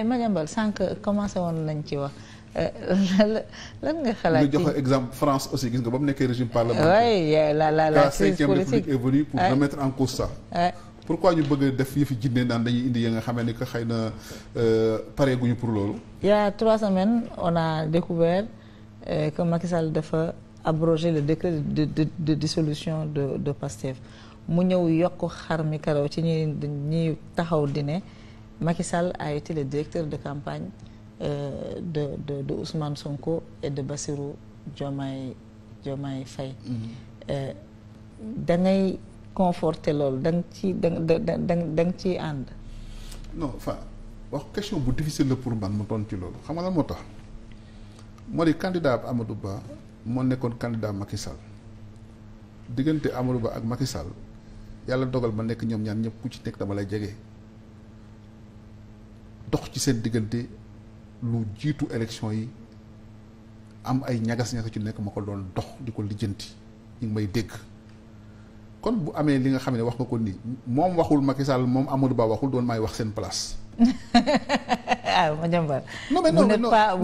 Eh, Madiambal sànq commencé woon nañ ci wax eh, lan nga xalaat ci nga joxe exemple France aussi gis nga ba mu nekkee régime parlementaire. oui la la la crise politique la cinquième république pour remettre en cause ça. pourquoi ñu bëgg def yëfi jinne naan dañuy indi ya nga xamee ni que xëy na euh, pareeguñu pour loolu. il y a trois semaines on a découvert euh, que Macky Sall dafa abroger le décret de de de dissolution de de PASTEF mu ñëw yokk xar mi karaw ci ñi ñuy taxaw di ne. Macky Sall a été le directeur de campagne euh, de, de, de, Ousmane Sonko et de Bassirou Diomaye, Diomaye Faye. Mm-hmm. Euh, da ngay conforter loolu da ci da dang da da ànd. non fa wax question bu difficile la pour man mu doon ci loolu xam nga lan moo tax moo di candidat Amadou Ba moo nekkoon candidat Macky Sall diggante Amadou Ba ak Macky Sall yàlla dogal ba nekk ñoom ñaan ñëpp ku ci nekk dama lay jege. dox ci seen diggante lu jiitu élection yi am ay ñagas-ñagas ci nekk ma ko doon dox di ko lijjanti ñu may dégg kon bu amee li nga xam ne wax nga ko nii moom waxul Macky Sall moom Amadou Ba waxul doon may wax seen place. ah Madiambal. non mais non vous n'êtes pas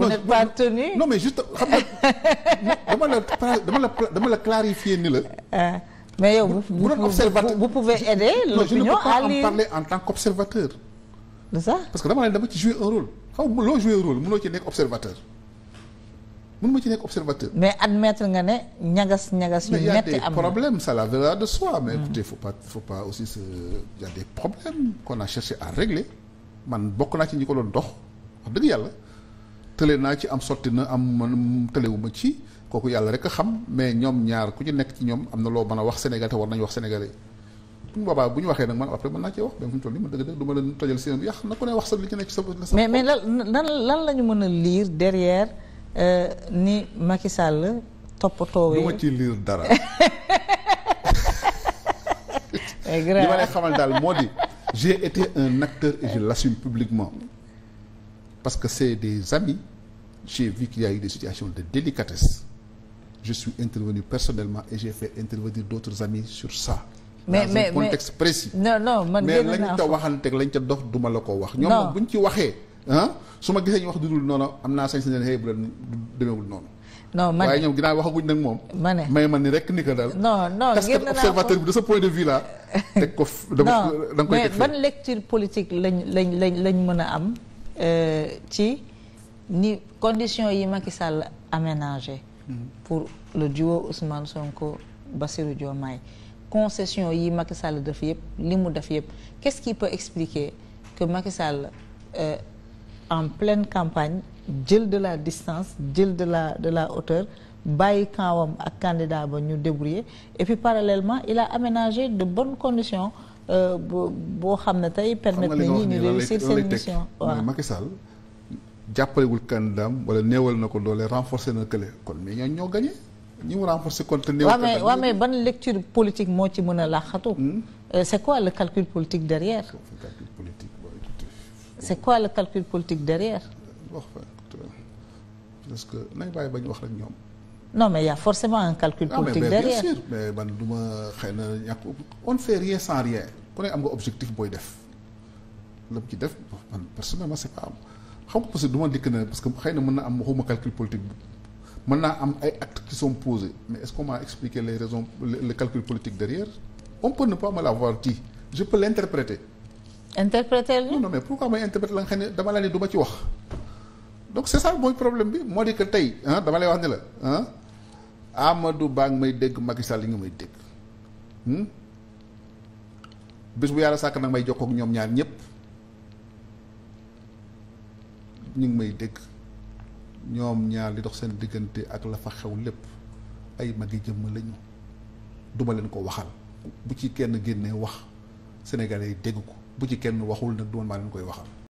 vous n'êtes juste xam nga dama la dama la dama la clarifier ni la. Ah, mais yow vous vous vous pouvez aider l'opinion à ne en parler en tant qu'observateur. c'est parce que dama ne dama ci jouer un rôle xaw ma loo jouer rôle mënoo ci nekk observateur mën ma ci nekk observateur. mais admettre nga ne ñagas ñagas. yu metti am na problème ça la va de soi. mais mm. écoutez faut pas faut pas aussi man bokk naa ci ñi ko dox yàlla tële naa ci am sotti na am man tëlewu ma ci kooku yàlla rek a xam mais ñoom ñaar ku ci nekk ci ñoom am na loo mën a wax Sénégal te war nañu wax sénégalais. bu boobaa bu ñu waxee nag man après mën naa cee wax mais fu mu toll nii ma dëgg na ku mais mais lan lan lan la ñu mën a lire derrière euh, ni Macky Sall toppatoowee. du ma ci lire dara. li ma lay xamal daal moo di j'ai été un acteur et je l'assume publiquement parce que c'est des amis j'ai vu qu'il y a eu des situations de délicatesse je suis intervenu personnellement et j'ai fait intervenir d'autres amis sur ça mais mais mais contexte précis. non non man mais lañ ca waxanteeg lañ ca dox duma la ko wax. non ñoom buñ ci waxee. ah su ma gisee ñu wax dudul noonu am naa sañ sañ xëy bu leen demeewul noonu. non man waaye ñoom ginnaaw waxaguñ nag moom. ma ne mais man ni rek ni ko daal. non non gën naa observateur bi de ce point de ko dama da nga koy teg mais ban lecture politique lañ lañ mën a am euh, ci ni conditions yi Macky Sall aménagé. Mm-hmm. pour le duo Ousmane Sonko Bassirou Diomaye. concession yi Macky Sall def yëpp li mu def yëpp qu'est-ce qui peut expliquer que Macky Sall euh, en pleine campagne jël de la distance jël de la de la hauteur bàyyi kaawam ak candidat ba ñu débrouiller et puis parallèlement il a aménagé de bonnes conditions euh, boo xam ne tey permettre na ñi ñu réussir seen mission waaw jàppalewul candidatam wala newal na ko doole renforcer na kële kon mais ñoo ñoo gagné ñi mu renforcer ban lecture politique moo ci mën a laaxatu. c'est quoi le calcul politique derrière. calcul politique c'est quoi le calcul politique derrière. parce euh, que nañ bàyyi ba ñu wax rek ñoom. non mais y a forcément un calcul ah, politique derrière mais man du ma xëy na ñàkk on ne fait am nga objectif booy def la ci def man personnellement c'est pas am xam parce que du ma na parce que xëy na mën na am waxuma calcul politique. mën naa am ay actes qui sont posés mais est-ce qu'on m'a expliqué les raisons le, le politique derrière on peut ne pas me l'avoir dit je peux l'interpréter interpréter non non mais pourquoi may interpréter la nga xam ne dama la ne du ci wax donc c'est ça mooy problème bi moo di que tey ah dama lay wax ne la ah du baa ngi may dégg Macky Sall yi nga may dégg hmm? bis bu yàlla sàkk nag may jokkoo ak ñoom ñaar ñëpp ñu ngi may dégg ñoom ñaar li dox seen diggante ak la fa xew lépp ay mag magi jëmm lañu duma leen ko waxal bu ci kenn génne wax sénégalais yi dégg ko bu ci kenn waxul nag du man maa leen koy waxal